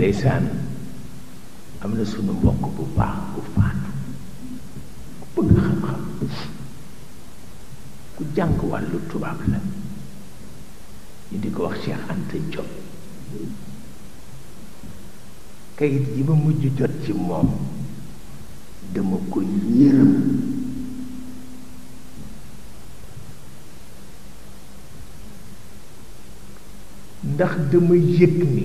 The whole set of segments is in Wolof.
ndeysaan am na sunu mbokk bu baax bu faatu ku bëgg xam-xam ku jàng wàllu tubaab la ñu di ko wax Cheikh Anta Diop kayit yi ba mujj jot ci moom dama ko yërëm ndax dama yëg ni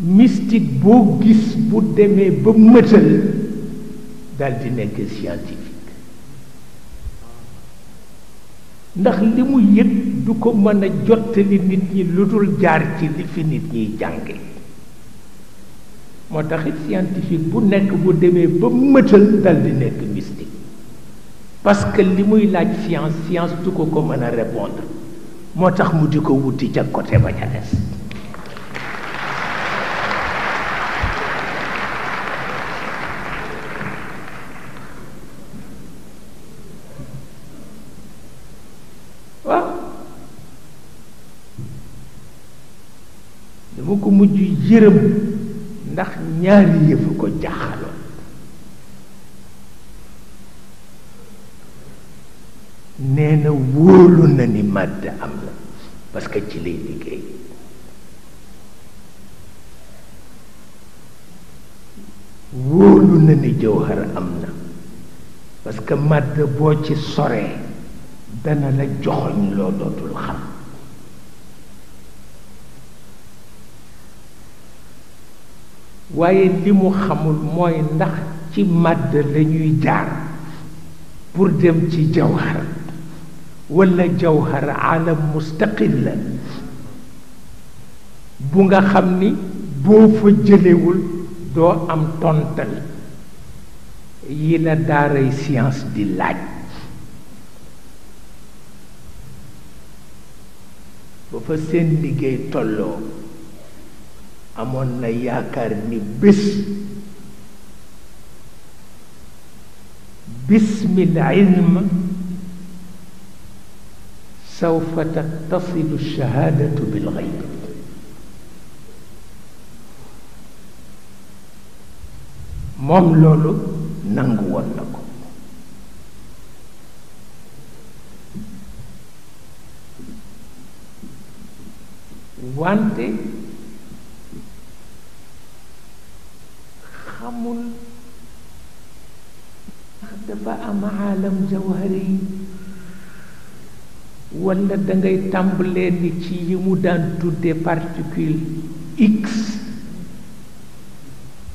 mystique boo gis bu demee ba mëtal dal di nekk scientifique ndax li mu yëg du ko mën a jottali nit ñi lu dul jaar ci li fi nit ñiy jànge moo taxit scientifique bu nekk bu demee ba mëtal dal di nekk mystique parce que li muy laaj science science du ko ko mën a répondre moo tax mu di ko wuti ca côté ba ca des dafa ko mujj yërëm ndax ñaari yëf ko jaaxaloon nee na wóolu na ni màdd am na parce que ci lay liggéey wóolu na ni jawhar am na parce que màdd boo ci soree dana la joxoñ loo dootul xam waaye li mu xamul mooy ndax ci màdd lañuy ñuy jaar pour dem ci jawhar wala jawhar alam mustaqil la bu nga xam ni boo fa jëlewul doo am tontal yi la daaray science di laaj ba fa seen liggéey tolloo amon na yakar ni bis باسم العلم سوف تتصل الشهادة بالغيب مملول ننقو لكم وانت dafa am aalam jawhari wala dangay tàmbalee ni ci yi mu daan tudde particule x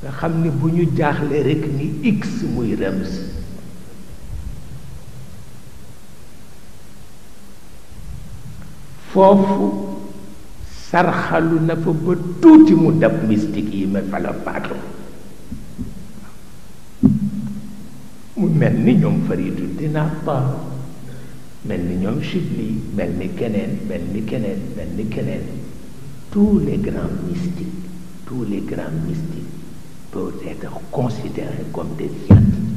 nga xam ni bu ñu jaaxle rekk ni x muy rëms foofu sarxalu na fa ba tuuti mu dab mystique yi ma fala paatu mu mel ni ñoom faridu dina ba mel ni ñoom Chibli mel ni keneen mel ni keneen mel ni keneen tous les grands mystiques tous les grands mystiques peuvent être considérés comme des scientifiques